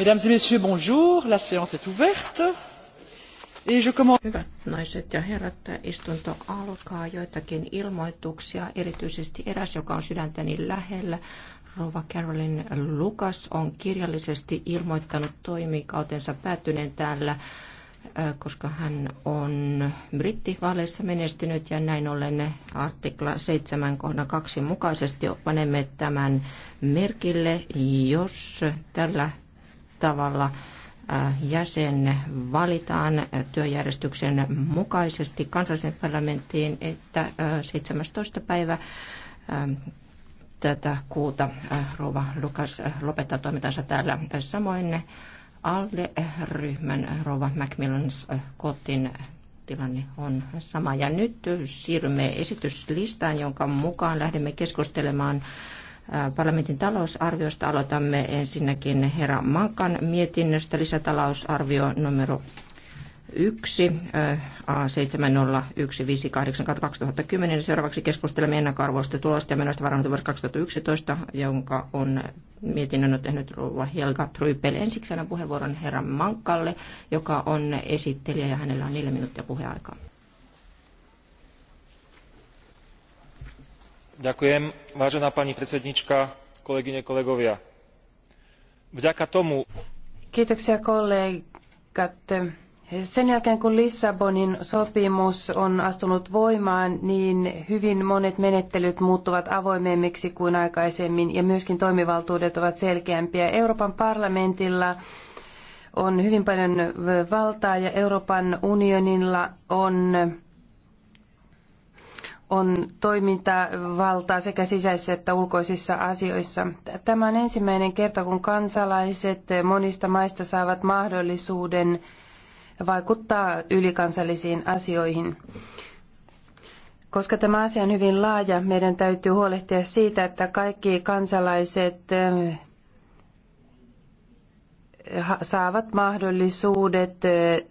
Mesdames et messieurs, bonjour. La séance est ouverte. Et je commence... Hyvät naiset ja herrat, istunto alkaa joitakin ilmoituksia, erityisesti eräs, joka on sydäntäni lähellä. Rova Carolyn Lucas on kirjallisesti ilmoittanut toimikautensa päättyneen täällä koska hän on brittivaaleissa menestynyt ja näin ollen artikla 7 kohdan 2 mukaisesti panemme tämän merkille, jos tällä tavalla jäsen valitaan työjärjestyksen mukaisesti kansallisen parlamenttiin, että 17. päivä tätä kuuta Rova Lukas lopettaa toimintansa täällä. Samoin alle ryhmän Rova Macmillans kotin tilanne on sama. Ja nyt siirrymme esityslistaan, jonka mukaan lähdemme keskustelemaan parlamentin talousarviosta. Aloitamme ensinnäkin herra Mankan mietinnöstä lisätalousarvio numero 1 A701582-2010. Seuraavaksi keskustelemme ennakkoarvoista tulosta ja menoista varannut vuosi 2011, jonka on mietinnön on tehnyt rouva Helga Trypel. Ensiksi puheenvuoron herran Mankalle, joka on esittelijä ja hänellä on 4 minuuttia puheaikaa. vďaka tomu Kiitoksia Sen jälkeen kun Lissabonin sopimus on astunut voimaan, niin hyvin monet menettelyt muuttuvat avoimemmiksi kuin aikaisemmin ja myöskin toimivaltuudet ovat selkeämpiä. Euroopan parlamentilla on hyvin paljon valtaa ja Euroopan unionilla on on toimintavaltaa sekä sisäisissä että ulkoisissa asioissa. Tämä on ensimmäinen kerta, kun kansalaiset monista maista saavat mahdollisuuden vaikuttaa ylikansallisiin asioihin. Koska tämä asia on hyvin laaja, meidän täytyy huolehtia siitä, että kaikki kansalaiset eh, saavat mahdollisuudet eh,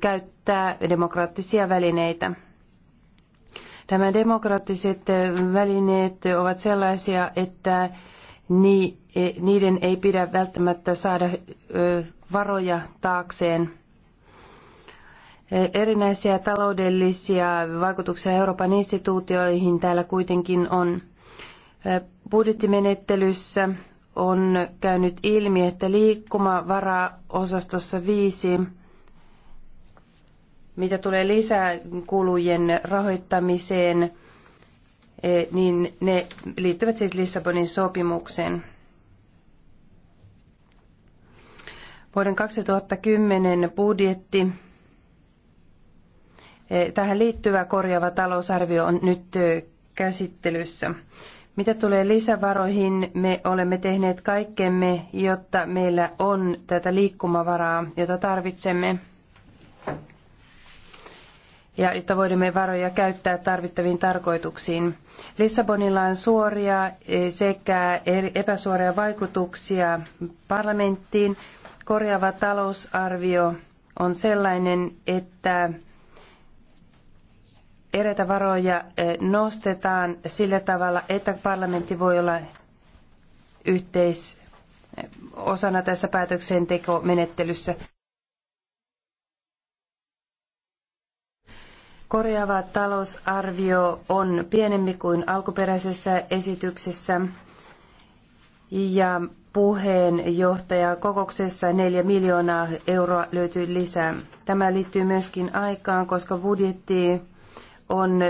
käyttää demokraattisia välineitä. Tämä demokraattiset eh, välineet ovat sellaisia, että eh, niiden ei pidä välttämättä saada eh, varoja taakseen. Erinäisiä taloudellisia vaikutuksia Euroopan instituutioihin täällä kuitenkin on. Budjettimenettelyssä on käynyt ilmi, että liikkumavara osastossa viisi mitä tulee lisäkulujen rahoittamiseen, e, niin ne liittyvät siis Lissabonin sopimukseen. Vuoden 2010 budjetti. E, tähän liittyvä korjaava talousarvio on nyt e, käsittelyssä. Mitä tulee lisävaroihin, me olemme tehneet kaikkemme, jotta meillä on tätä liikkumavaraa, jota tarvitsemme ja jotta voimme varoja käyttää tarvittaviin tarkoituksiin. Lissabonilla on suoria e, sekä epäsuoria vaikutuksia parlamenttiin. Korjaava talousarvio on sellainen, että eräitä varoja e, nostetaan sillä tavalla, että parlamentti voi olla yhteis e, osana tässä päätöksentekomenettelyssä. Korjaava talousarvio on pienempi kuin alkuperäisessä esityksessä ja puheenjohtaja kokouksessa 4 miljoonaa euroa löytyy lisää. Tämä liittyy myöskin aikaan, koska budjetti on,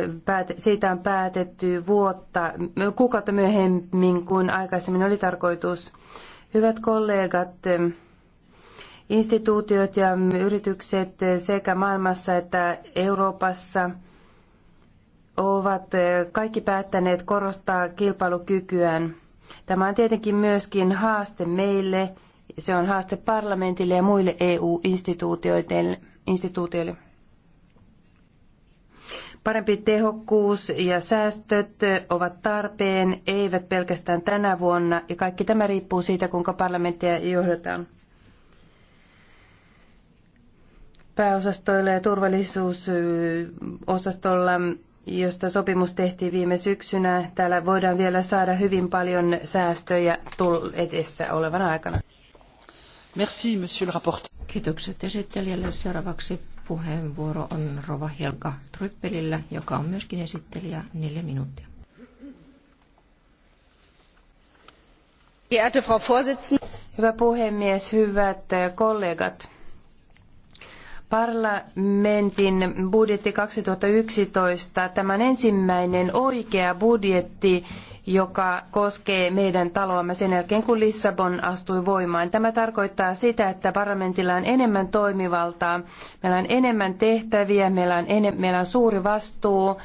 siitä on päätetty vuotta, kuukautta myöhemmin kuin aikaisemmin oli tarkoitus. Hyvät kollegat, Instituutiot ja yritykset sekä maailmassa että Euroopassa ovat kaikki päättäneet korostaa kilpailukykyään. Tämä on tietenkin myöskin haaste meille, se on haaste parlamentille ja muille EU-instituutioille. Parempi tehokkuus ja säästöt ovat tarpeen, eivät pelkästään tänä vuonna, ja kaikki tämä riippuu siitä, kuinka parlamenttia johdetaan. pääosastoilla ja turvallisuusosastolla, josta sopimus tehtiin viime syksynä. Täällä voidaan vielä saada hyvin paljon säästöjä edessä olevana aikana. Merci, monsieur le rapporteur. Kiitokset esittelijälle. Seuraavaksi puheenvuoro on Rova Helga Tryppelillä, joka on myöskin esittelijä neljä minuuttia. Geehrte Frau Vorsitzende. Hyvä puhemies, hyvät kollegat. Parlamentin budjetti 2011, tämän ensimmäinen oikea budjetti, joka koskee meidän taloamme sen jälkeen, kun Lissabon astui voimaan. Tämä tarkoittaa sitä, että parlamentilla on enemmän toimivaltaa, meillä on enemmän tehtäviä, meillä on, enem- meillä on suuri vastuu,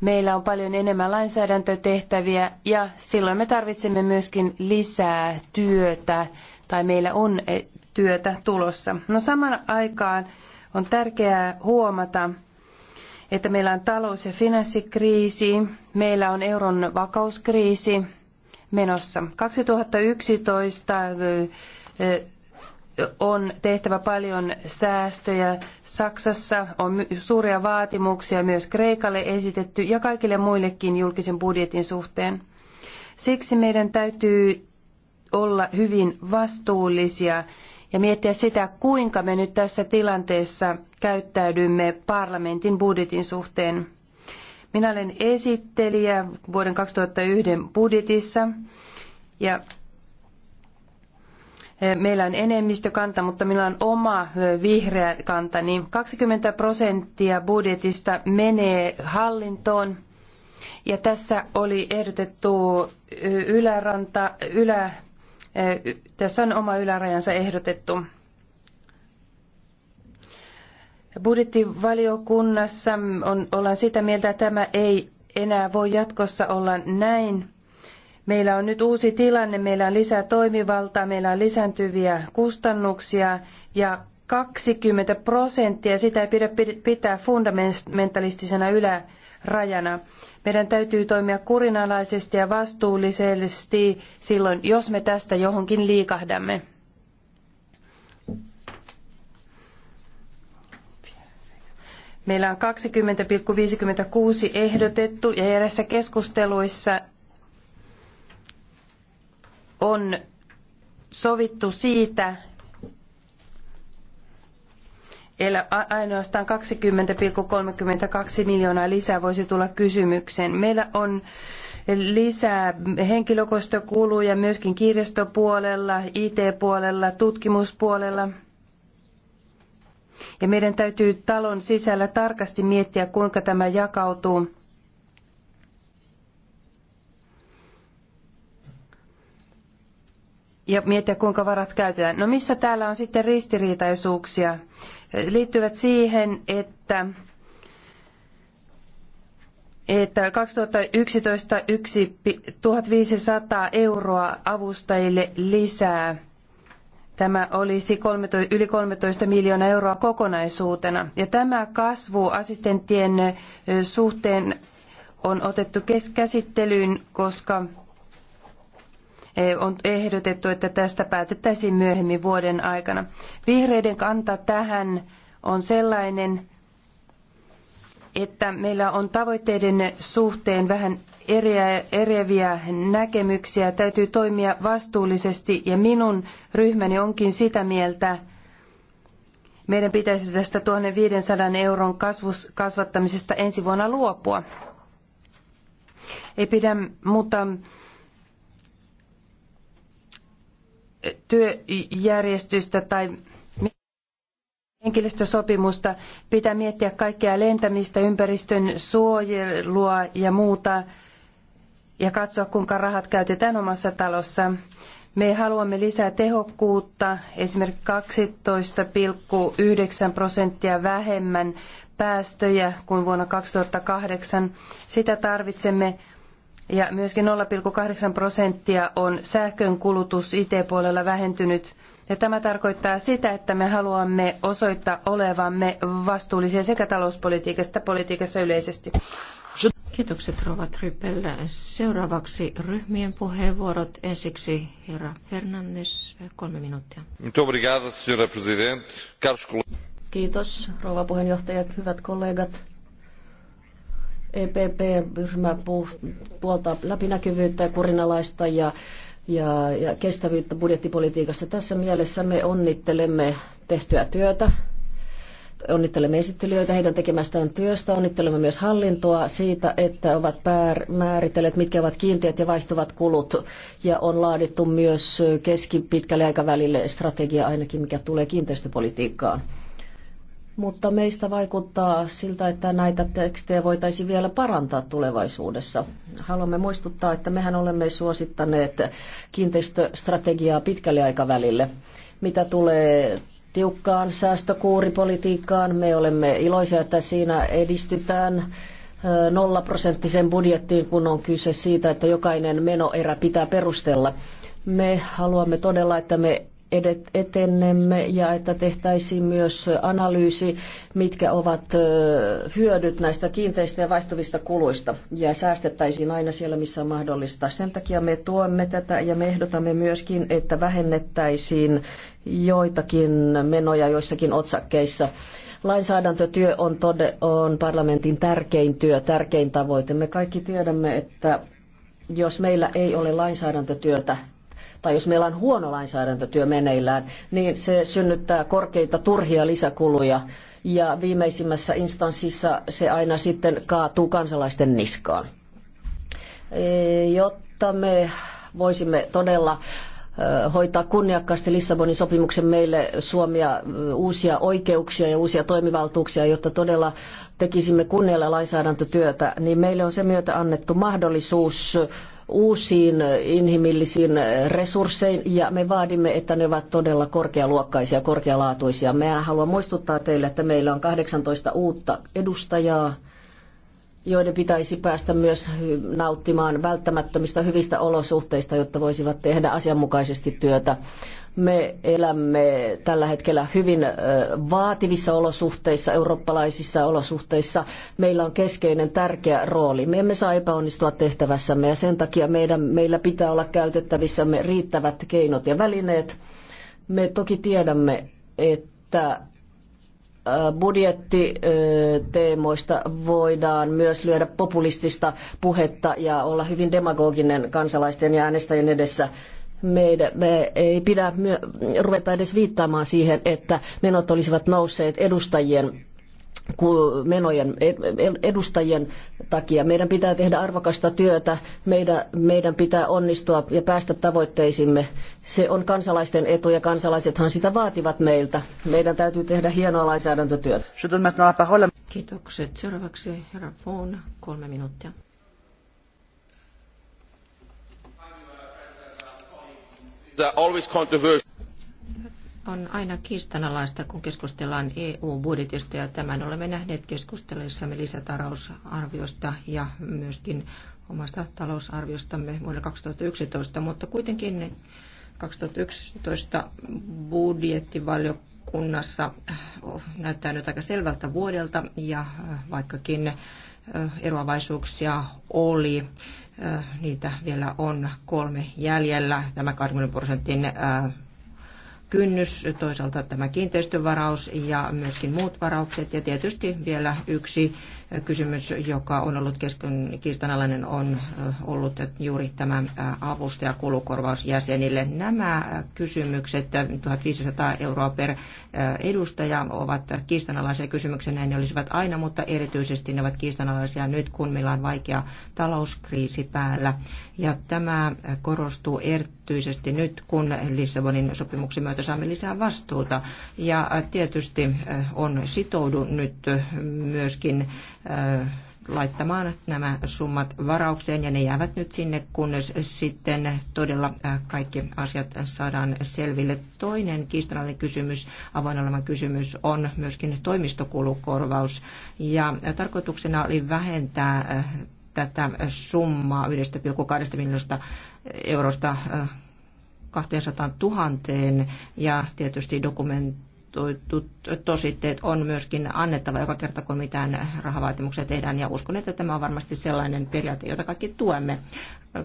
meillä on paljon enemmän lainsäädäntötehtäviä ja silloin me tarvitsemme myöskin lisää työtä tai meillä on eh, työtä tulossa. No saman aikaan on tärkeää huomata, että meillä on talous- ja finanssikriisi, meillä on euron vakauskriisi menossa. 2011 on tehtävä paljon säästöjä. Saksassa on suuria vaatimuksia myös Kreikalle esitetty ja kaikille muillekin julkisen budjetin suhteen. Siksi meidän täytyy olla hyvin vastuullisia ja miettiä sitä, kuinka me nyt tässä tilanteessa käyttäydymme parlamentin budjetin suhteen. Minä olen esittelijä vuoden 2001 budjetissa ja e, meillä on enemmistökanta, mutta minulla on oma e, vihreä kanta, niin 20 prosenttia budjetista menee hallintoon. Ja tässä oli ehdotettu e, yläranta, ylä, Eh, tässä on oma ylärajansa ehdotettu. Budjettivaliokunnassa on, ollaan sitä mieltä, että tämä ei enää voi jatkossa olla näin. Meillä on nyt uusi tilanne, meillä on lisää toimivaltaa, meillä on lisääntyviä kustannuksia ja 20 prosenttia, sitä ei pidä pitää fundamentalistisena ylä rajana. Meidän täytyy toimia kurinalaisesti ja vastuullisesti silloin, jos me tästä johonkin liikahdamme. Meillä on 20,56 ehdotettu ja erässä keskusteluissa on sovittu siitä, ainoastaan 20,32 miljoonaa lisää voisi tulla kysymykseen. Meillä on lisää henkilökohtokuluja myöskin kirjastopuolella, IT-puolella, tutkimuspuolella. Ja meidän täytyy talon sisällä tarkasti miettiä, kuinka tämä jakautuu. Ja miettiä, kuinka varat käytetään. No missä täällä on sitten ristiriitaisuuksia? liittyvät siihen, että että 2011 yksi, 1500 euroa avustajille lisää. Tämä olisi yli 13 miljoonaa euroa kokonaisuutena. Ja tämä kasvu assistenttien suhteen on otettu käsittelyyn, koska Eh, on ehdotettu, että tästä päätettäisiin myöhemmin vuoden aikana. Vihreiden kanta tähän on sellainen, että meillä on tavoitteiden suhteen vähän eriä, eriäviä näkemyksiä. Täytyy toimia vastuullisesti ja minun ryhmäni onkin sitä mieltä, meidän pitäisi tästä 1500 euron kasvus, kasvattamisesta ensi vuonna luopua. Ei pidä, mutta työjärjestystä tai henkilöstösopimusta, pitää miettiä kaikkea lentämistä, ympäristön suojelua ja muuta ja katsoa, kuinka rahat käytetään omassa talossa. Me haluamme lisää tehokkuutta, esimerkiksi 12,9 prosenttia vähemmän päästöjä kuin vuonna 2008. Sitä tarvitsemme ja myöskin 0,8 prosenttia on sähkön kulutus IT-puolella vähentynyt. Ja tämä tarkoittaa sitä, että me haluamme osoittaa olevamme vastuullisia sekä talouspolitiikassa että politiikassa yleisesti. Kiitokset Rova Trypel. Seuraavaksi ryhmien puheenvuorot. Ensiksi herra Fernandes, kolme minuuttia. Kiitos, rouva puheenjohtajat, hyvät kollegat. EPP-ryhmä puoltaa läpinäkyvyyttä ja kurinalaista ja ja, ja kestävyyttä budjettipolitiikassa. Tässä mielessä me onnittelemme tehtyä työtä, onnittelemme esittelijöitä heidän tekemästään työstä, onnittelemme myös hallintoa siitä, että ovat määritelleet, mitkä ovat kiinteät ja vaihtuvat kulut, ja on laadittu myös keskipitkälle aikavälille strategia ainakin, mikä tulee kiinteistöpolitiikkaan mutta meistä vaikuttaa siltä, että näitä tekstejä voitaisiin vielä parantaa tulevaisuudessa. Haluamme muistuttaa, että mehän olemme suosittaneet kiinteistöstrategiaa pitkälle aikavälille. Mitä tulee tiukkaan säästökuuripolitiikkaan, me olemme iloisia, että siinä edistytään nollaprosenttisen budjettiin, kun on kyse siitä, että jokainen menoerä pitää perustella. Me haluamme todella, että me edet, etenemme ja että tehtäisiin myös analyysi, mitkä ovat hyödyt näistä kiinteistä ja vaihtuvista kuluista ja säästettäisiin aina siellä, missä on mahdollista. Sen takia me tuemme tätä ja me ehdotamme myöskin, että vähennettäisiin joitakin menoja joissakin otsakkeissa. Lainsäädäntötyö on, tode, on parlamentin tärkein työ, tärkein tavoite. Me kaikki tiedämme, että jos meillä ei ole lainsäädäntötyötä tai jos meillä on huono lainsäädäntötyö meneillään, niin se synnyttää korkeita turhia lisäkuluja ja viimeisimmässä instanssissa se aina sitten kaatuu kansalaisten niskaan. E, jotta me voisimme todella hoitaa kunniakkaasti Lissabonin sopimuksen meille Suomia uusia oikeuksia ja uusia toimivaltuuksia, jotta todella tekisimme kunnialla lainsäädäntötyötä, niin meille on sen myötä annettu mahdollisuus uusiin inhimillisiin resursseihin ja me vaadimme, että ne ovat todella korkealuokkaisia, korkealaatuisia. Mä haluan muistuttaa teille, että meillä on 18 uutta edustajaa joiden pitäisi päästä myös nauttimaan välttämättömistä hyvistä olosuhteista, jotta voisivat tehdä asianmukaisesti työtä. Me elämme tällä hetkellä hyvin vaativissa olosuhteissa, eurooppalaisissa olosuhteissa. Meillä on keskeinen tärkeä rooli. Me emme saa epäonnistua tehtävässämme ja sen takia meidän, meillä pitää olla käytettävissämme riittävät keinot ja välineet. Me toki tiedämme, että budjettiteemoista voidaan myös lyödä populistista puhetta ja olla hyvin demagoginen kansalaisten ja äänestäjien edessä. Meidän, me ei pidä ruveta edes viittaamaan siihen, että menot olisivat nousseet edustajien menojen edustajien takia. Meidän pitää tehdä arvokasta työtä, meidän, meidän pitää onnistua ja päästä tavoitteisimme. Se on kansalaisten etu ja kansalaisethan sitä vaativat meiltä. Meidän täytyy tehdä hienoa lainsäädäntötyötä. Kiitokset. Seuraavaksi herra Foon, kolme minuuttia. Always controversial on aina kiistanalaista, kun keskustellaan EU-budjetista ja tämän olemme nähneet keskustelussamme lisätalousarviosta ja myöskin omasta talousarviostamme vuonna 2011, mutta kuitenkin 2011 budjettivaliokunnassa oh, näyttää nyt aika selvältä vuodelta ja äh, vaikkakin äh, eroavaisuuksia oli, äh, niitä vielä on kolme jäljellä. Tämä 20 prosentin kynnys, toisaalta tämä kiinteistövaraus ja myöskin muut varaukset ja tietysti vielä yksi Kysymys, joka on ollut kesken, kiistanalainen, on ollut juuri tämä avustajakulukorvaus jäsenille. Nämä kysymykset, 1500 euroa per edustaja, ovat kiistanalaisia kysymyksiä. Näin ne olisivat aina, mutta erityisesti ne ovat kiistanalaisia nyt, kun meillä on vaikea talouskriisi päällä. Ja tämä korostuu erityisesti nyt, kun Lissabonin sopimuksen myötä saamme lisää vastuuta. Ja tietysti on sitoudu nyt myöskin laittamaan nämä summat varaukseen ja ne jäävät nyt sinne, kunnes sitten todella kaikki asiat saadaan selville. Toinen kiistanallinen kysymys, avoin olevan kysymys, on myöskin toimistokulukorvaus ja tarkoituksena oli vähentää tätä summaa 1,2 miljoonasta eurosta 200 000 ja tietysti dokumentti tositteet on myöskin annettava joka kerta, kun mitään rahavaatimuksia tehdään. Ja uskon, että tämä on varmasti sellainen periaate, jota kaikki tuemme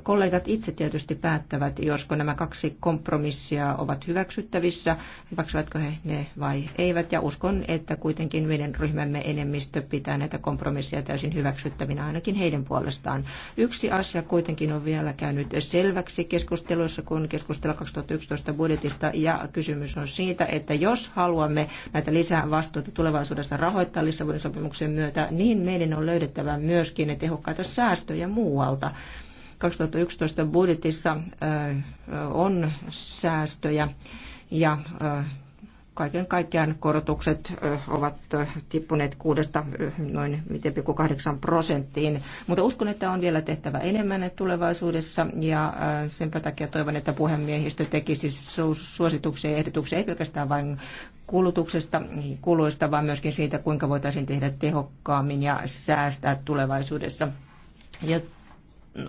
kollegat itse tietysti päättävät, josko nämä kaksi kompromissia ovat hyväksyttävissä, hyväksyvätkö he ne vai eivät. Ja uskon, että kuitenkin meidän ryhmämme enemmistö pitää näitä kompromisseja täysin hyväksyttävinä ainakin heidän puolestaan. Yksi asia kuitenkin on vielä käynyt selväksi keskusteluissa, kun keskustella 2011 budjetista ja kysymys on siitä, että jos haluamme näitä lisää vastuuta tulevaisuudessa rahoittaa Lissabonin sopimuksen myötä, niin meidän on löydettävä myöskin ne tehokkaita säästöjä muualta. 2011 budjetissa on säästöjä ja kaiken kaikkiaan korotukset ovat tippuneet kuudesta noin 5,8 prosenttiin. Mutta uskon, että on vielä tehtävä enemmän tulevaisuudessa ja sen takia toivon, että puhemiehistö tekisi suosituksia ja ehdotuksia ei pelkästään vain kulutuksesta, kuluista, vaan myöskin siitä, kuinka voitaisiin tehdä tehokkaammin ja säästää tulevaisuudessa. Ja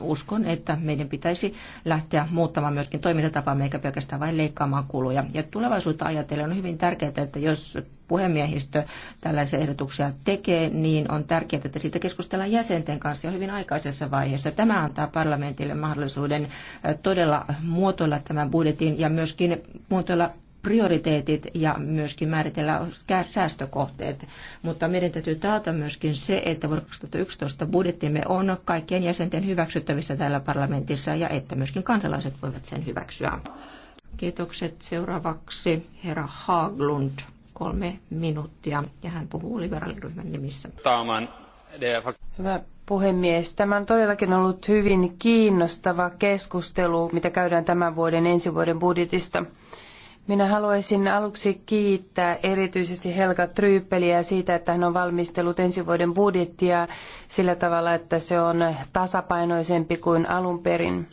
uskon, että meidän pitäisi lähteä muuttamaan myöskin toimintatapaamme, eikä pelkästään vain leikkaamaan kuluja. Ja tulevaisuutta ajatellen on hyvin tärkeää, että jos puhemiehistö tällaisia ehdotuksia tekee, niin on tärkeää, että siitä keskustellaan jäsenten kanssa jo hyvin aikaisessa vaiheessa. Tämä antaa parlamentille mahdollisuuden todella muotoilla tämän budjetin ja myöskin muotoilla prioriteetit ja myöskin määritellä säästökohteet. Mutta meidän täytyy taata myöskin se, että vuonna 2011 budjettimme on kaikkien jäsenten hyväksyttävissä täällä parlamentissa ja että myöskin kansalaiset voivat sen hyväksyä. Kiitokset. Seuraavaksi herra Haaglund, kolme minuuttia, ja hän puhuu liberaaliryhmän nimissä. Hyvä puhemies. Tämä on todellakin ollut hyvin kiinnostava keskustelu, mitä käydään tämän vuoden ensi vuoden budjetista. Minä haluaisin aluksi kiittää erityisesti Helga Tryyppeliä siitä, että hän on valmistellut ensi vuoden budjettia sillä tavalla, että se on tasapainoisempi kuin alun perin.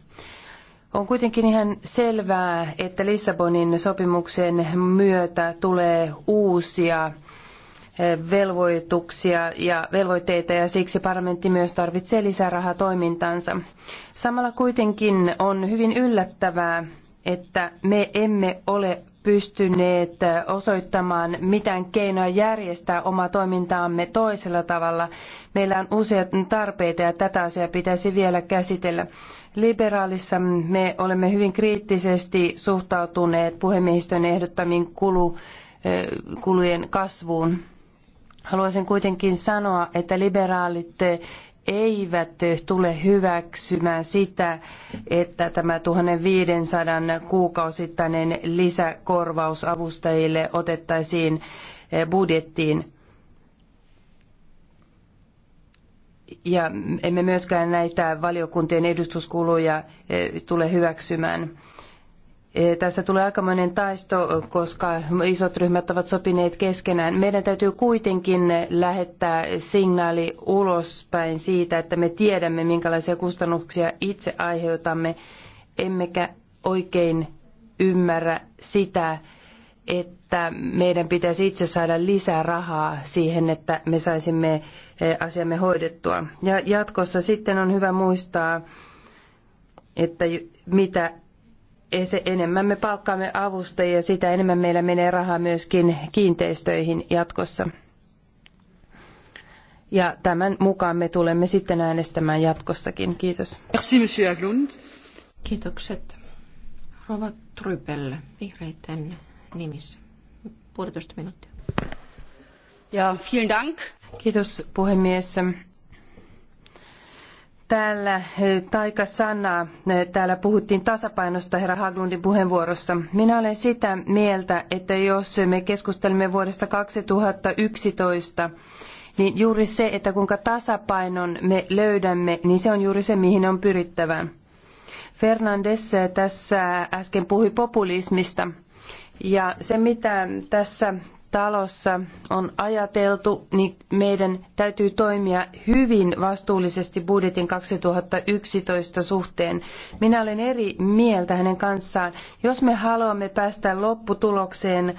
On kuitenkin ihan selvää, että Lissabonin sopimuksen myötä tulee uusia eh, velvoituksia ja velvoitteita ja siksi parlamentti myös tarvitsee lisää rahaa toimintaansa. Samalla kuitenkin on hyvin yllättävää, että me emme ole pystyneet osoittamaan mitään keinoja järjestää omaa toimintaamme toisella tavalla. Meillä on useita tarpeita ja tätä asiaa pitäisi vielä käsitellä. Liberaalissa me olemme hyvin kriittisesti suhtautuneet puhemiehistön ehdottamiin kulu, kulujen kasvuun. Haluaisin kuitenkin sanoa, että liberaalit eivät tule hyväksymään sitä, että tämä 1500 kuukausittainen lisäkorvaus avustajille otettaisiin eh, budjettiin. Ja emme myöskään näitä valiokuntien edustuskuluja eh, tule hyväksymään. E, tässä tulee aikamoinen taisto, koska isot ryhmät ovat sopineet keskenään. Meidän täytyy kuitenkin lähettää signaali ulospäin siitä, että me tiedämme, minkälaisia kustannuksia itse aiheutamme, emmekä oikein ymmärrä sitä, että meidän pitäisi itse saada lisää rahaa siihen, että me saisimme e, asiamme hoidettua. Ja jatkossa sitten on hyvä muistaa, että mitä E, se enemmän me palkkaamme avustajia, sitä enemmän meillä menee rahaa myöskin kiinteistöihin jatkossa. Ja tämän mukaan me tulemme sitten äänestämään jatkossakin. Kiitos. Merci, monsieur Aglund. Kiitokset. Rova Trypel, vihreiden nimissä. Puolitoista minuuttia. Ja, vielen dank. Kiitos puhemies. Täällä eh, taikasanaa, eh, täällä puhuttiin tasapainosta herra Haglundin puheenvuorossa. Minä olen sitä mieltä, että jos me keskustelemme vuodesta 2011, niin juuri se, että kuinka tasapainon me löydämme, niin se on juuri se, mihin on pyrittävä. Fernandes eh, tässä äsken puhui populismista. Ja se, mitä tässä talossa on ajateltu, niin meidän täytyy toimia hyvin vastuullisesti budjetin 2011 suhteen. Minä olen eri mieltä hänen kanssaan. Jos me haluamme päästä lopputulokseen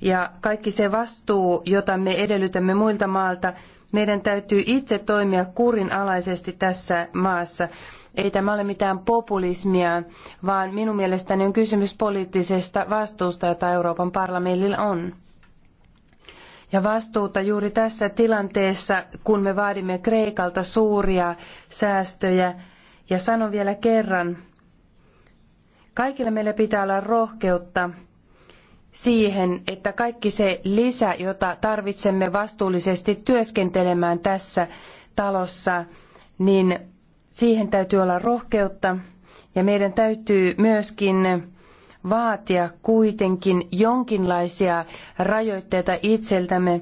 ja kaikki se vastuu, jota me edellytämme muilta maalta, meidän täytyy itse toimia kurinalaisesti tässä maassa. Ei tämä ole mitään populismia, vaan minun mielestäni on kysymys poliittisesta vastuusta, jota Euroopan parlamentilla on ja vastuuta juuri tässä tilanteessa, kun me vaadimme Kreikalta suuria säästöjä. Ja sanon vielä kerran, kaikilla meillä pitää olla rohkeutta siihen, että kaikki se lisä, jota tarvitsemme vastuullisesti työskentelemään tässä talossa, niin siihen täytyy olla rohkeutta ja meidän täytyy myöskin vaatia kuitenkin jonkinlaisia rajoitteita itseltämme,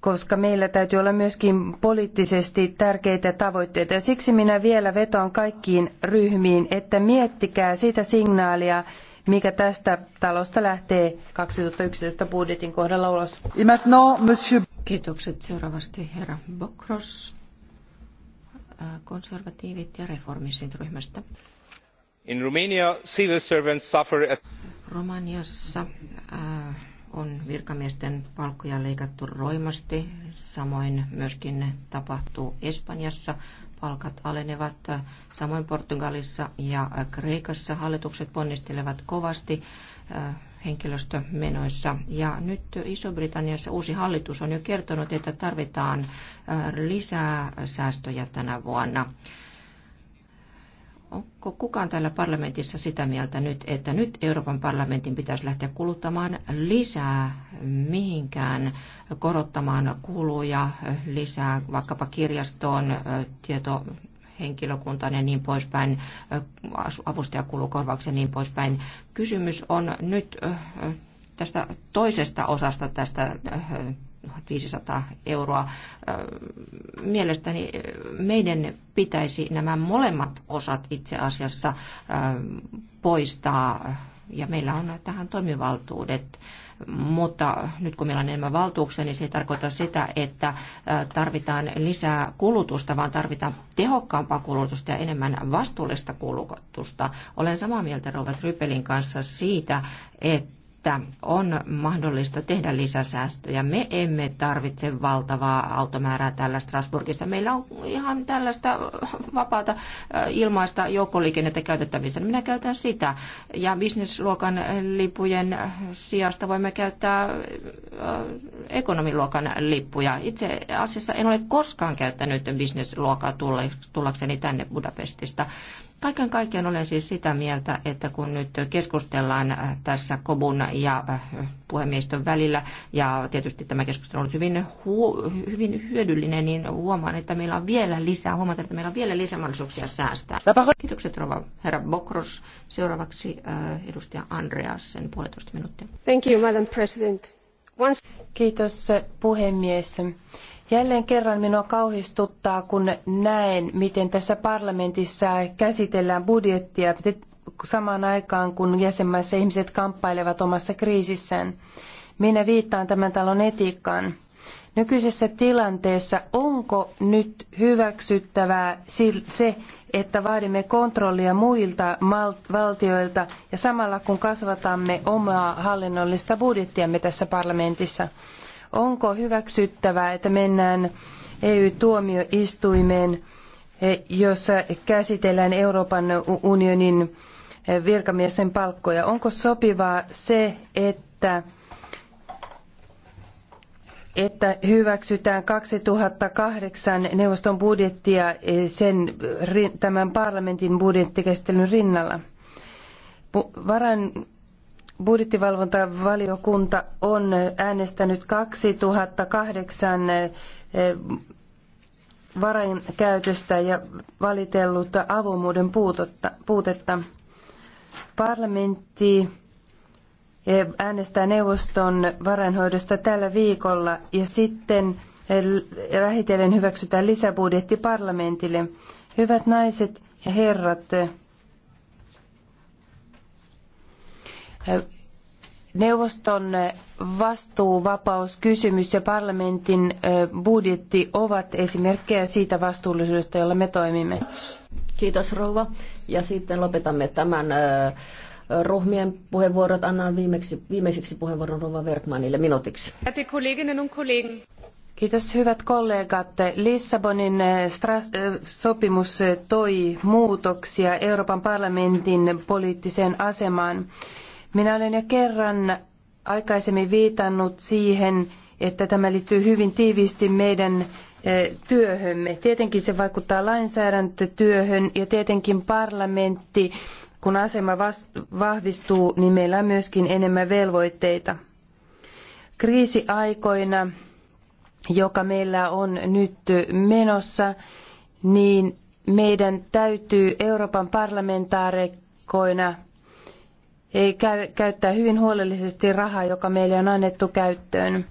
koska meillä täytyy olla myöskin poliittisesti tärkeitä tavoitteita. Ja siksi minä vielä vetoan kaikkiin ryhmiin, että miettikää sitä signaalia, mikä tästä talosta lähtee 2011 budjetin kohdalla ulos. Kiitokset. Seuraavasti herra Bokros, äh, konservatiivit ja reformistit ryhmästä. In Romania, civil servants suffer at... Romaniassa äh, on virkamiesten palkkoja leikattu roimasti. Samoin myöskin tapahtuu Espanjassa. Palkat alenevat. Samoin Portugalissa ja Kreikassa hallitukset ponnistelevat kovasti äh, henkilöstömenoissa. Ja nyt Iso-Britanniassa uusi hallitus on jo kertonut, että tarvitaan äh, lisää säästöjä tänä vuonna. Onko kukaan täällä parlamentissa sitä mieltä nyt, että nyt Euroopan parlamentin pitäisi lähteä kuluttamaan lisää mihinkään, korottamaan kuluja lisää vaikkapa kirjastoon, tieto, ja niin poispäin, avustajakulukorvauksen ja niin poispäin. Kysymys on nyt tästä toisesta osasta tästä 1500 euroa. Mielestäni meidän pitäisi nämä molemmat osat itse asiassa poistaa ja meillä on tähän toimivaltuudet mutta nyt kun meillä on enemmän valtuuksia, niin se ei tarkoita sitä, että tarvitaan lisää kulutusta, vaan tarvitaan tehokkaampaa kulutusta ja enemmän vastuullista kulutusta. Olen samaa mieltä Robert Rypelin kanssa siitä, että että on mahdollista tehdä lisäsäästöjä. Me emme tarvitse valtavaa automäärää täällä Strasburgissa. Meillä on ihan tällaista vapaata ilmaista joukkoliikennettä käytettävissä. Minä käytän sitä. Ja bisnesluokan lipujen sijasta voimme käyttää ekonomiluokan lippuja. Itse asiassa en ole koskaan käyttänyt bisnesluokaa tullakseni tänne Budapestista. Kaiken kaikkiaan olen siis sitä mieltä, että kun nyt keskustellaan äh, tässä Kobun ja äh, puhemiestön välillä, ja tietysti tämä keskustelu on ollut hyvin, hyvin hyödyllinen, niin huomaan, että meillä on vielä lisää, huomaan, että meillä on vielä lisää mahdollisuuksia säästää. Kiitokset rova, herra Bokros. Seuraavaksi äh, edustaja Andreas, sen puolitoista minuuttia. Thank you, Madam President. Once... Kiitos äh, puhemies. Jälleen kerran minua kauhistuttaa, kun näen, miten tässä parlamentissa käsitellään budjettia samaan aikaan, kun jäsenmaissa ihmiset kamppailevat omassa kriisissään. Minä viittaan tämän talon etiikkaan. Nykyisessä tilanteessa onko nyt hyväksyttävää se, että vaadimme kontrollia muilta valtioilta ja samalla kun kasvatamme omaa hallinnollista budjettiamme tässä parlamentissa? Onko hyväksyttävää, että mennään EU-tuomioistuimeen, e, jossa käsitellään Euroopan unionin e, virkamiesten palkkoja? Onko sopivaa se, että että hyväksytään 2008 neuvoston budjettia e, sen, tämän parlamentin budjettikäsittelyn rinnalla. Varan Budjettivalvontavaliokunta on äänestänyt 2008 eh, varainkäytöstä ja valitellut avoimuuden puutetta. Parlamentti eh, äänestää neuvoston varainhoidosta tällä viikolla ja sitten eh, vähitellen hyväksytään lisäbudjetti parlamentille. Hyvät naiset ja herrat, Neuvoston vastuuvapauskysymys ja parlamentin budjetti ovat esimerkkejä siitä vastuullisuudesta, jolla me toimimme. Kiitos rouva. Ja sitten lopetamme tämän ryhmien puheenvuorot. Annan viimeksi, viimeiseksi puheenvuoron rouva Wertmanille minuutiksi. Kiitos hyvät kollegat. Lissabonin sopimus toi muutoksia Euroopan parlamentin poliittiseen asemaan. Minä olen jo kerran aikaisemmin viitannut siihen, että tämä liittyy hyvin tiiviisti meidän eh, työhömme. Tietenkin se vaikuttaa lainsäädäntötyöhön ja tietenkin parlamentti, kun asema vahvistuu, niin meillä on myöskin enemmän velvoitteita. Kriisiaikoina, joka meillä on nyt menossa, niin meidän täytyy Euroopan parlamentaarikkoina käyttää hyvin huolellisesti rahaa, joka meille on annettu käyttöön.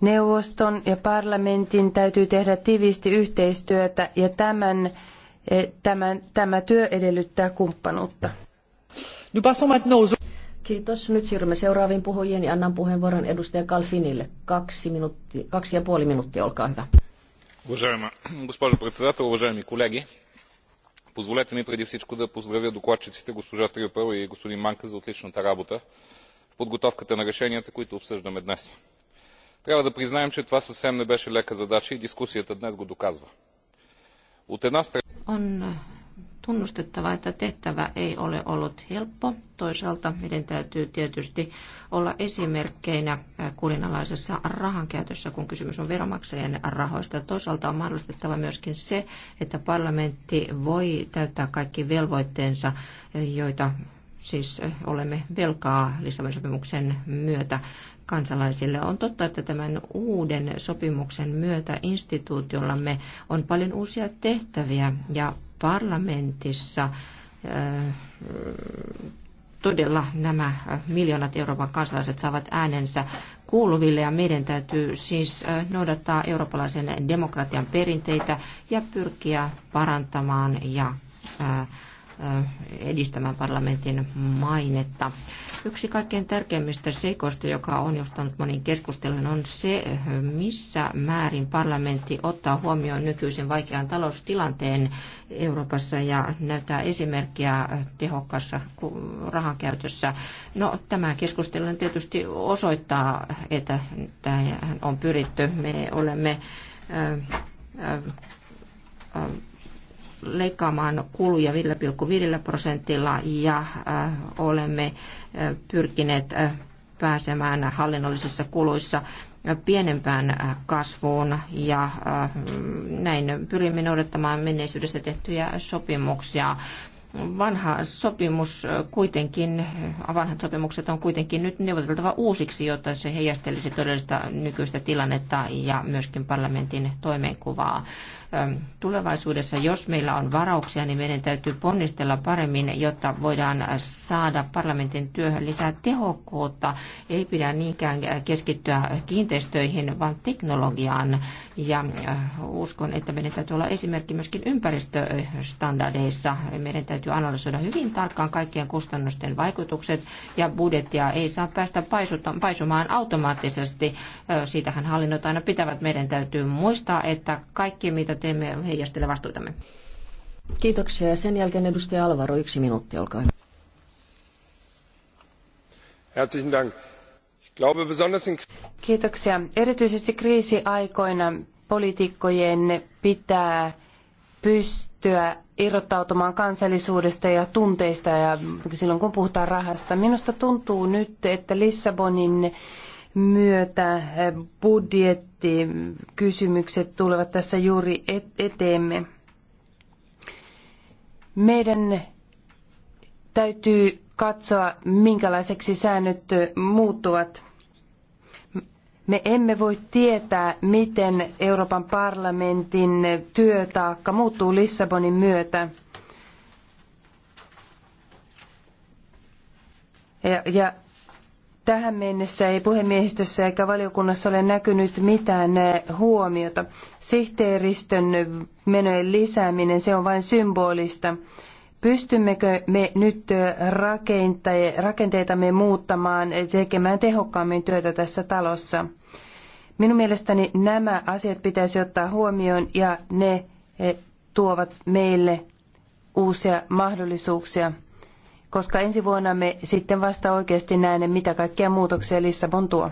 Neuvoston ja parlamentin täytyy tehdä tiiviisti yhteistyötä ja tämän, e, tämän, tämä työ edellyttää kumppanuutta. Kiitos. Nyt siirrymme seuraaviin puhujiin ja annan puheenvuoron edustaja Kalfinille. Kaksi, minuutti, kaksi ja puoli minuuttia, olkaa hyvä. Уважаема госпожо председател, уважаеми колеги, позволете ми преди всичко да поздравя докладчиците госпожа трюпел и господин манка за отличната работа в подготовката на решенията които обсъждаме днес. трябва да признаем че това съвсем не беше лека задача и дискусията днес го доказва. от една страна tunnustettava, että tehtävä ei ole ollut helppo. Toisaalta meidän täytyy tietysti olla esimerkkeinä kurinalaisessa rahankäytössä, kun kysymys on veromaksajien rahoista. Toisaalta on mahdollistettava myöskin se, että parlamentti voi täyttää kaikki velvoitteensa, joita siis olemme velkaa Lissabonin sopimuksen myötä kansalaisille. On totta, että tämän uuden sopimuksen myötä instituutiollamme on paljon uusia tehtäviä ja parlamentissa äh, todella nämä miljoonat Euroopan kansalaiset saavat äänensä kuuluville ja meidän täytyy siis äh, noudattaa eurooppalaisen demokratian perinteitä ja pyrkiä parantamaan ja äh, edistämään parlamentin mainetta. Yksi kaikkein tärkeimmistä seikoista, joka on johtanut moniin keskusteluun, on se, missä määrin parlamentti ottaa huomioon nykyisen vaikean taloustilanteen Euroopassa ja näyttää esimerkkiä tehokkaassa rahankäytössä. No, tämä keskustelu tietysti osoittaa, että tähän on pyritty. Me olemme äh, äh, äh, leikkaamaan kuluja 5,5 prosentilla ja äh, olemme äh, pyrkineet äh, pääsemään hallinnollisissa kuluissa pienempään kasvuun ja näin pyrimme noudattamaan menneisyydessä tehtyjä sopimuksia vanha sopimus kuitenkin, vanhat sopimukset on kuitenkin nyt neuvoteltava uusiksi, jotta se heijastelisi todellista nykyistä tilannetta ja myöskin parlamentin toimenkuvaa. Tulevaisuudessa, jos meillä on varauksia, niin meidän täytyy ponnistella paremmin, jotta voidaan saada parlamentin työhön lisää tehokkuutta. Ei pidä niinkään keskittyä kiinteistöihin, vaan teknologiaan. Ja uskon, että meidän täytyy olla esimerkki myöskin ympäristöstandardeissa. Meidän täytyy analysoida hyvin tarkkaan kaikkien kustannusten vaikutukset ja budjettia ei saa päästä paisumaan automaattisesti. Siitähän hallinnot aina pitävät. Meidän täytyy muistaa, että kaikki mitä teemme heijastele vastuutamme. Kiitoksia. Ja sen jälkeen edustaja Alvaro, yksi minuutti, olkaa hyvä. Herzlichen Dank. Kiitoksia. Erityisesti kriisiaikoina poliitikkojen pitää pystyä irrottautumaan kansallisuudesta ja tunteista ja silloin kun puhutaan rahasta. Minusta tuntuu nyt, että Lissabonin myötä eh, budjettikysymykset tulevat tässä juuri eteemme. Meidän täytyy katsoa, minkälaiseksi säännöt muuttuvat. Me emme voi tietää, miten Euroopan parlamentin työtaakka muuttuu Lissabonin myötä. Ja, ja Tähän mennessä ei puhemiehistössä eikä valiokunnassa ole näkynyt mitään eh, huomiota. Sihteeristön menojen lisääminen, se on vain symbolista. Pystymmekö me nyt eh, rakenteitamme muuttamaan, eh, tekemään tehokkaammin työtä tässä talossa? Minun mielestäni nämä asiat pitäisi ottaa huomioon ja ne tuovat meille uusia mahdollisuuksia koska ensi vuonna me sitten vasta oikeasti näemme, mitä kaikkia muutoksia Lissabon tuo.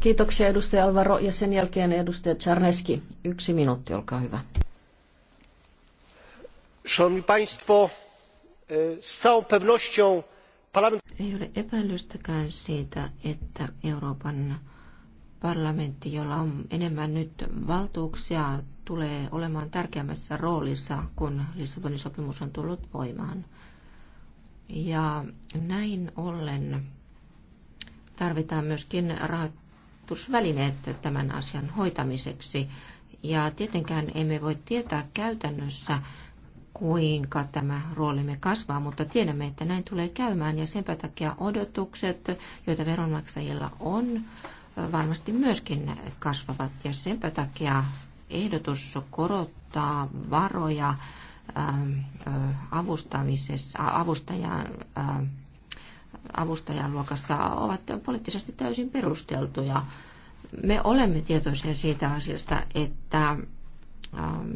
Kiitoksia edustaja Alvaro ja sen jälkeen edustaja Czarneski. Yksi minuutti, olkaa hyvä. Szanowni Państwo, e, z całą pewnością ei ole epäilystäkään siitä, että Euroopan parlamentti, jolla on enemmän nyt valtuuksia, tulee olemaan tärkeämmässä roolissa, kun Lissabonin sopimus on tullut voimaan. Ja näin ollen tarvitaan myöskin rahoitusvälineet tämän asian hoitamiseksi. Ja tietenkään emme voi tietää käytännössä, kuinka tämä roolimme kasvaa, mutta tiedämme, että näin tulee käymään ja senpä takia odotukset, joita veronmaksajilla on, varmasti myöskin kasvavat ja senpä takia ehdotus korottaa varoja Ähm, äh, avustamisessa, avustajan, äh, avustajan luokassa ovat poliittisesti täysin perusteltuja. Me olemme tietoisia siitä asiasta, että ähm,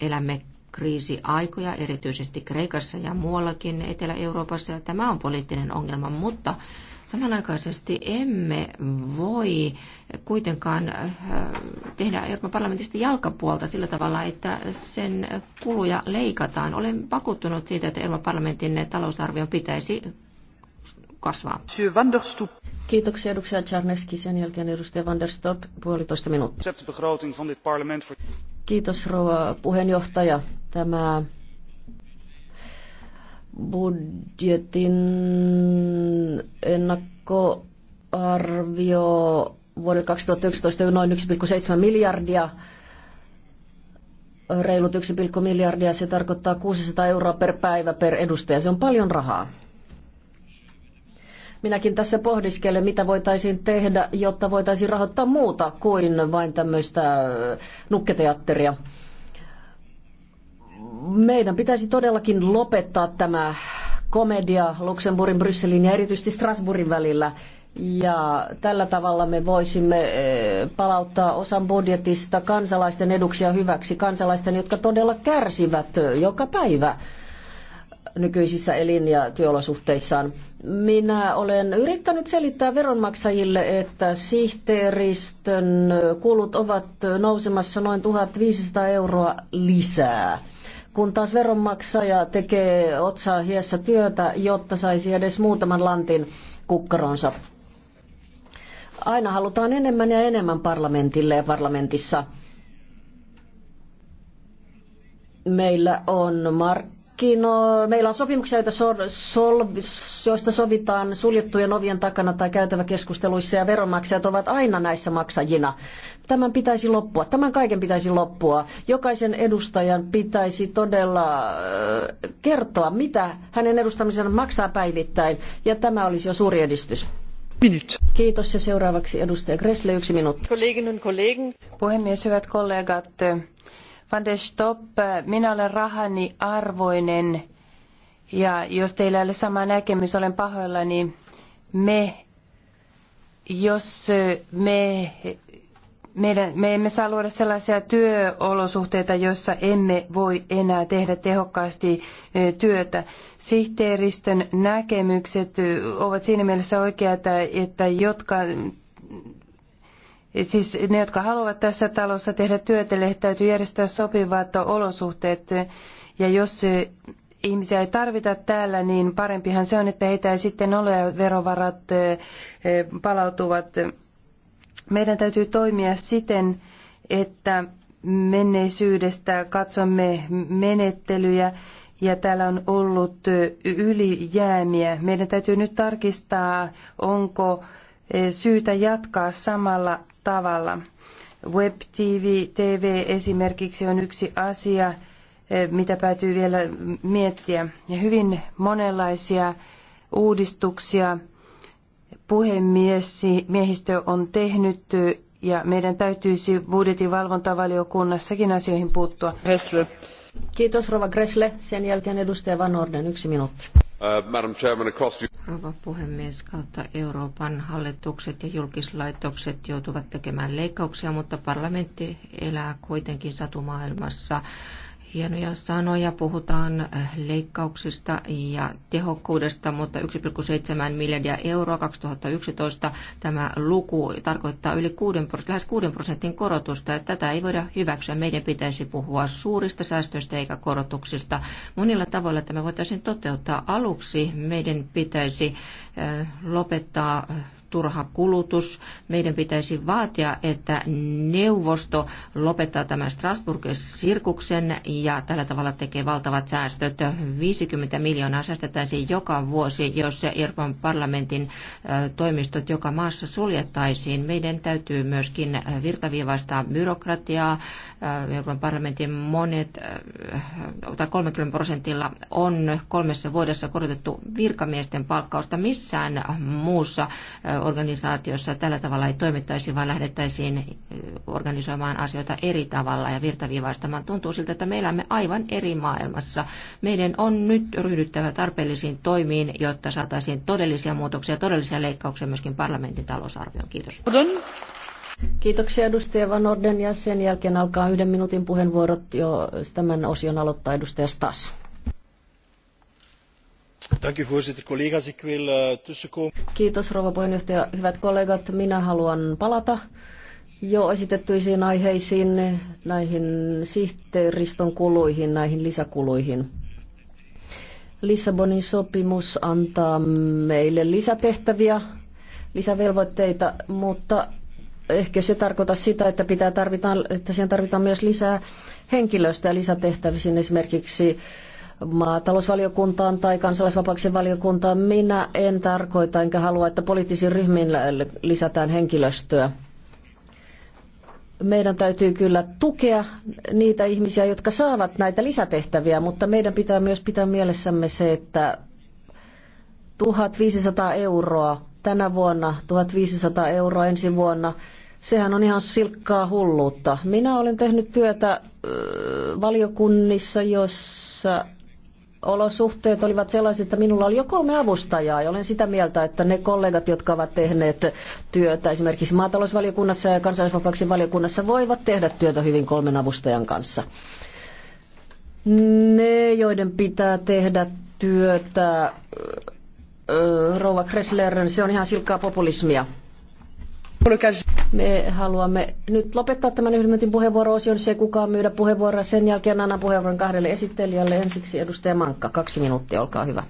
elämme kriisiaikoja, erityisesti Kreikassa ja muuallakin Etelä-Euroopassa. ja Tämä on poliittinen ongelma, mutta Samanaikaisesti emme voi kuitenkaan äh, tehdä Euroopan parlamentista jalkapuolta sillä tavalla, että sen kuluja leikataan. Olen vakuuttunut siitä, että Euroopan parlamentin talousarvion pitäisi kasvaa. Kiitoksia edustaja Czarneski. Sen jälkeen edustaja Van der Stop, puolitoista minuuttia. Kiitos rouva puheenjohtaja. Tämä budjetin ennakkoarvio vuodelle 2011 noin 1,7 miljardia, reilut 1, miljardia. Se tarkoittaa 600 euroa per päivä per edustaja. Se on paljon rahaa. Minäkin tässä pohdiskelen, mitä voitaisiin tehdä, jotta voitaisiin rahoittaa muuta kuin vain tämmöistä nukketeatteria meidän pitäisi todellakin lopettaa tämä komedia Luxemburgin, Brysselin ja erityisesti Strasbourgin välillä. Ja tällä tavalla me voisimme eh, palauttaa osan budjetista kansalaisten eduksia hyväksi, kansalaisten, jotka todella kärsivät eh, joka päivä nykyisissä elin- ja työolosuhteissaan. Minä olen yrittänyt selittää veronmaksajille, että sihteeristön kulut ovat nousemassa noin 1500 euroa lisää kun taas veronmaksaja tekee otsaa hiessä työtä, jotta saisi edes muutaman lantin kukkaronsa. Aina halutaan enemmän ja enemmän parlamentille ja parlamentissa. Meillä on mark- no, meillä on sopimuksia, joita so, sol, joista sovitaan suljettujen ovien takana tai käytäväkeskusteluissa ja veronmaksajat ovat aina näissä maksajina. Tämän pitäisi loppua, tämän kaiken pitäisi loppua. Jokaisen edustajan pitäisi todella kertoa, mitä hänen edustamisensa maksaa päivittäin ja tämä olisi jo suuri edistys. Minut. Kiitos ja seuraavaksi edustaja Gressle, yksi minuutti. Kollegin, kollegin. Puhemies, hyvät kollegat, Van de Stopp, minä olen rahani arvoinen ja jos teillä ei ole sama näkemys, olen pahoillani. me, jos me, meidän, me emme saa luoda sellaisia työolosuhteita, joissa emme voi enää tehdä tehokkaasti työtä. Sihteeristön näkemykset ovat siinä mielessä oikeat, että jotka Siis ne, jotka haluavat tässä talossa tehdä työtä, täytyy järjestää sopivat olosuhteet. Ja jos ihmisiä ei tarvita täällä, niin parempihan se on, että heitä ei sitten ole ja verovarat eh, eh, palautuvat. Meidän täytyy toimia siten, että menneisyydestä katsomme menettelyjä ja täällä on ollut ylijäämiä. Meidän täytyy nyt tarkistaa, onko eh, syytä jatkaa samalla tavalla. Web TV, TV esimerkiksi on yksi asia, eh, mitä päätyy vielä miettiä. Ja hyvin monenlaisia uudistuksia miehistö on tehnyt eh, ja meidän täytyisi budjetin valvontavaliokunnassakin asioihin puuttua. Kiitos Rova Gressle. Sen jälkeen edustaja Van Orden, yksi minuutti. Uh, Rouva puhemies, kautta Euroopan hallitukset ja julkislaitokset joutuvat tekemään leikkauksia, mutta parlamentti elää kuitenkin satumaailmassa hienoja sanoja, puhutaan äh, leikkauksista ja tehokkuudesta, mutta 1,7 miljardia euroa 2011 tämä luku tarkoittaa yli 6, lähes 6 prosentin korotusta. Ja tätä ei voida hyväksyä. Meidän pitäisi puhua suurista säästöistä eikä korotuksista. Monilla tavoilla tämä voitaisiin toteuttaa. Aluksi meidän pitäisi äh, lopettaa äh, turha kulutus. Meidän pitäisi vaatia, että neuvosto lopettaa tämän Strasbourg-sirkuksen ja tällä tavalla tekee valtavat säästöt. 50 miljoonaa säästettäisiin joka vuosi, jos Euroopan parlamentin toimistot joka maassa suljettaisiin. Meidän täytyy myöskin virtaviivaistaa byrokratiaa. Euroopan parlamentin monet, tai 30 prosentilla on kolmessa vuodessa korotettu virkamiesten palkkausta missään muussa organisaatiossa tällä tavalla ei toimittaisi, vaan lähdettäisiin organisoimaan asioita eri tavalla ja virtaviivaistamaan. Tuntuu siltä, että me elämme aivan eri maailmassa. Meidän on nyt ryhdyttävä tarpeellisiin toimiin, jotta saataisiin todellisia muutoksia, todellisia leikkauksia myöskin parlamentin talousarvioon. Kiitos. Kiitoksia edustaja Van Orden ja sen jälkeen alkaa yhden minuutin puheenvuorot jo tämän osion aloittaa edustaja Stas voorzitter collega's ik wil eh, tussenkomen. Kiitos rouva puheenjohtaja. Hyvät kollegat, minä haluan palata jo esitettyisiin aiheisiin, näihin sihteeriston kuluihin, näihin lisäkuluihin. Lissabonin sopimus antaa meille lisätehtäviä, lisävelvoitteita, mutta ehkä se tarkoita sitä, että, pitää tarvitaan, että siihen tarvitaan myös lisää henkilöstöä lisätehtäviin esimerkiksi maatalousvaliokuntaan tai kansalaisvapauksien valiokuntaan. Minä en tarkoita enkä halua, että poliittisiin ryhmiin lisätään henkilöstöä. Meidän täytyy kyllä tukea niitä ihmisiä, jotka saavat näitä lisätehtäviä, mutta meidän pitää myös pitää mielessämme se, että 1500 euroa tänä vuonna, 1500 euroa ensi vuonna, sehän on ihan silkkaa hulluutta. Minä olen tehnyt työtä valiokunnissa, jossa olosuhteet olivat sellaiset, että minulla oli jo kolme avustajaa ja olen sitä mieltä, että ne kollegat, jotka ovat tehneet työtä esimerkiksi maatalousvaliokunnassa ja kansallisvapauksien valiokunnassa, voivat tehdä työtä hyvin kolmen avustajan kanssa. Ne, joiden pitää tehdä työtä, rouva Kresslerin, se on ihan silkkaa populismia. Me haluamme nyt lopettaa tämän yhden minuutin puheenvuoro-osion, jos ei kukaan myydä puheenvuoroa. Sen jälkeen annan puheenvuoron kahdelle esittelijälle. Ensiksi edustaja Mankka, kaksi minuuttia, olkaa hyvä.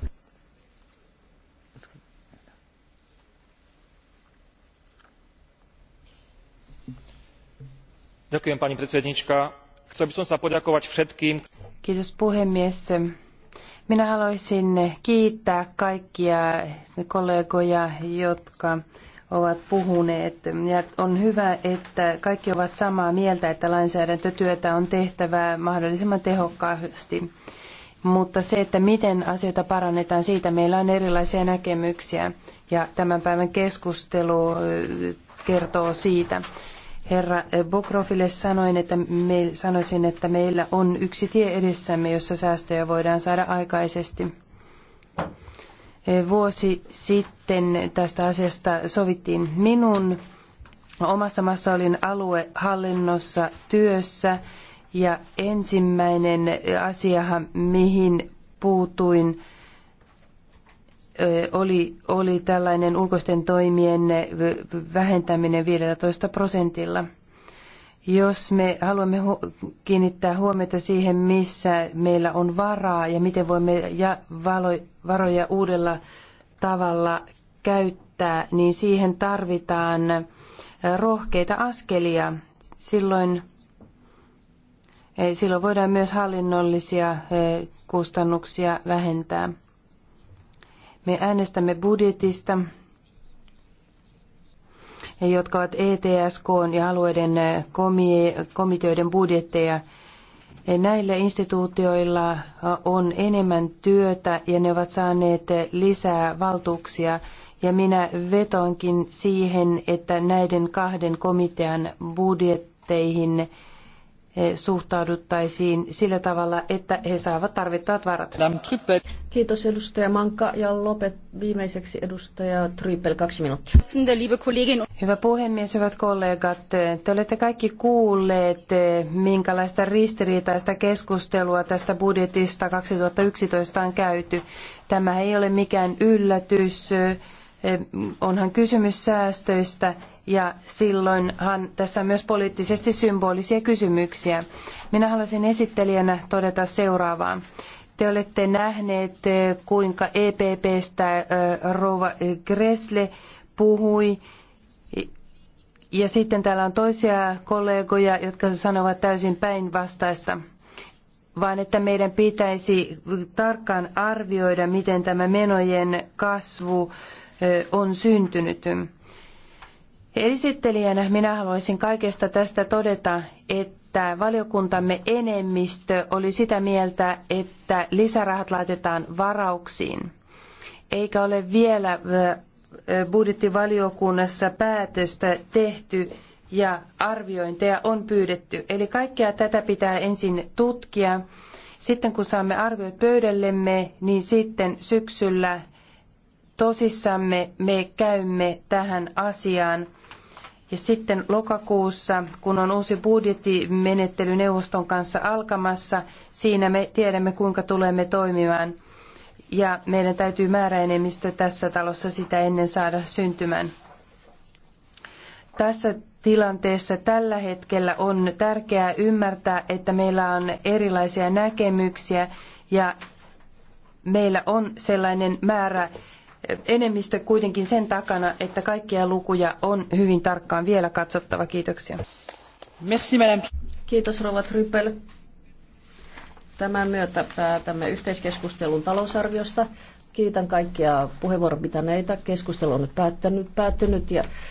Ďakujem, pani predsednička. Chcel by som sa poďakovať všetkým. Kiitos puhemies. Minä haluaisin kiittää kaikkia kollegoja, jotka ovat puhuneet. Ja on hyvä, että kaikki ovat samaa mieltä, että lainsäädäntötyötä on tehtävä mahdollisimman tehokkaasti. Mutta se, että miten asioita parannetaan, siitä meillä on erilaisia näkemyksiä. Ja tämän päivän keskustelu äh, kertoo siitä. Herra äh, Bokrofille sanoin, että me, sanoisin, että meillä on yksi tie edessämme, jossa säästöjä voidaan saada aikaisesti. Vuosi sitten tästä asiasta sovittiin minun. Omassa maassa olin aluehallinnossa työssä ja ensimmäinen asiahan, mihin puutuin, oli, oli tällainen ulkoisten toimien vähentäminen 15 prosentilla. Jos me haluamme kiinnittää huomiota siihen, missä meillä on varaa ja miten voimme ja varoja uudella tavalla käyttää, niin siihen tarvitaan rohkeita askelia. Silloin, silloin voidaan myös hallinnollisia kustannuksia vähentää. Me äänestämme budjetista jotka ovat ETSK ja alueiden eh, komiteoiden budjetteja. Eh, näillä instituutioilla eh, on enemmän työtä ja ne ovat saaneet lisää valtuuksia. Ja minä vetonkin siihen, että näiden kahden komitean budjetteihin suhtauduttaisiin sillä tavalla, että he saavat tarvittavat varat. Kiitos edustaja Manka ja lopet viimeiseksi edustaja Trypel kaksi minuuttia. Hyvä puhemies, hyvät kollegat. Te olette kaikki kuulleet, minkälaista ristiriitaista keskustelua tästä budjetista 2011 on käyty. Tämä ei ole mikään yllätys. Onhan kysymys säästöistä ja silloinhan tässä on myös poliittisesti symbolisia kysymyksiä. Minä haluaisin esittelijänä todeta seuraavaa. Te olette nähneet, eh, kuinka EPPstä eh, Rova Gressle puhui. Ja sitten täällä on toisia kollegoja, jotka sanovat täysin päinvastaista vaan että meidän pitäisi tarkkaan arvioida, miten tämä menojen kasvu eh, on syntynyt. Esittelijänä minä haluaisin kaikesta tästä todeta, että valiokuntamme enemmistö oli sitä mieltä, että lisärahat laitetaan varauksiin, eikä ole vielä budjettivaliokunnassa päätöstä tehty ja arviointeja on pyydetty. Eli kaikkea tätä pitää ensin tutkia. Sitten kun saamme arviot pöydällemme, niin sitten syksyllä tosissamme me käymme tähän asiaan ja sitten lokakuussa, kun on uusi budjettimenettely neuvoston kanssa alkamassa, siinä me tiedämme, kuinka tulemme toimimaan. Ja meidän täytyy määräenemmistö tässä talossa sitä ennen saada syntymään. Tässä tilanteessa tällä hetkellä on tärkeää ymmärtää, että meillä on erilaisia näkemyksiä ja meillä on sellainen määrä enemmistö kuitenkin sen takana, että kaikkia lukuja on hyvin tarkkaan vielä katsottava. Kiitoksia. Merci, madame. Kiitos, Rova Trypel. Tämän myötä päätämme yhteiskeskustelun talousarviosta. Kiitän kaikkia puheenvuoron pitäneitä. Keskustelu on nyt päättynyt, päättynyt ja